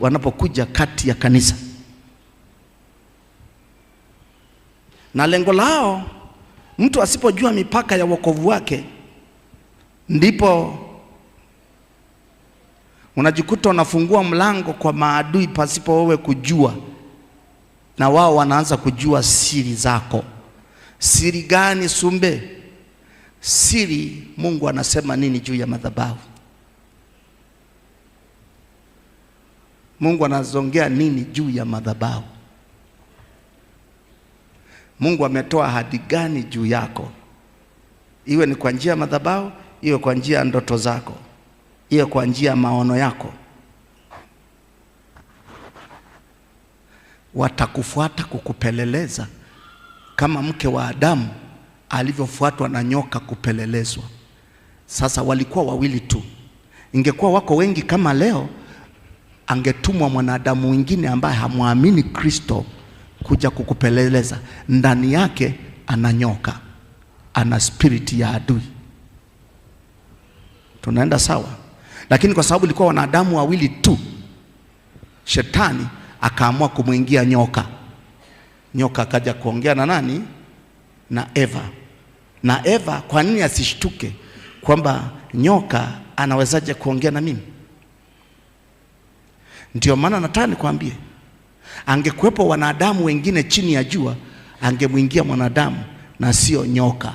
wanapokuja kati ya kanisa, na lengo lao, mtu asipojua mipaka ya wokovu wake, ndipo unajikuta unafungua mlango kwa maadui pasipo wewe kujua, na wao wanaanza kujua siri zako. Siri gani, Sumbe? Siri Mungu anasema nini juu ya madhabahu? Mungu anazongea nini juu ya madhabahu? Mungu ametoa ahadi gani juu yako? Iwe ni kwa njia ya madhabahu, iwe kwa njia ya ndoto zako, iwe kwa njia ya maono yako. Watakufuata kukupeleleza kama mke wa Adamu alivyofuatwa na nyoka kupelelezwa. Sasa walikuwa wawili tu, ingekuwa wako wengi kama leo angetumwa mwanadamu mwingine ambaye hamwamini Kristo kuja kukupeleleza. Ndani yake ana nyoka, ana spiriti ya adui. Tunaenda sawa? Lakini kwa sababu ilikuwa wanadamu wawili tu, shetani akaamua kumwingia nyoka. Nyoka akaja kuongea na nani? Na Eva. Na Eva, kwa nini asishtuke kwamba nyoka anawezaje kuongea na mimi? Ndio maana nataka nikwambie, angekuwepo wanadamu wengine chini ya jua, angemwingia mwanadamu na sio nyoka.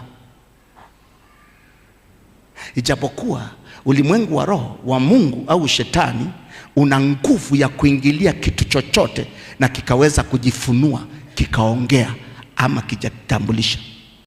Ijapokuwa ulimwengu wa roho wa Mungu au shetani una nguvu ya kuingilia kitu chochote na kikaweza kujifunua kikaongea ama kijatambulisha.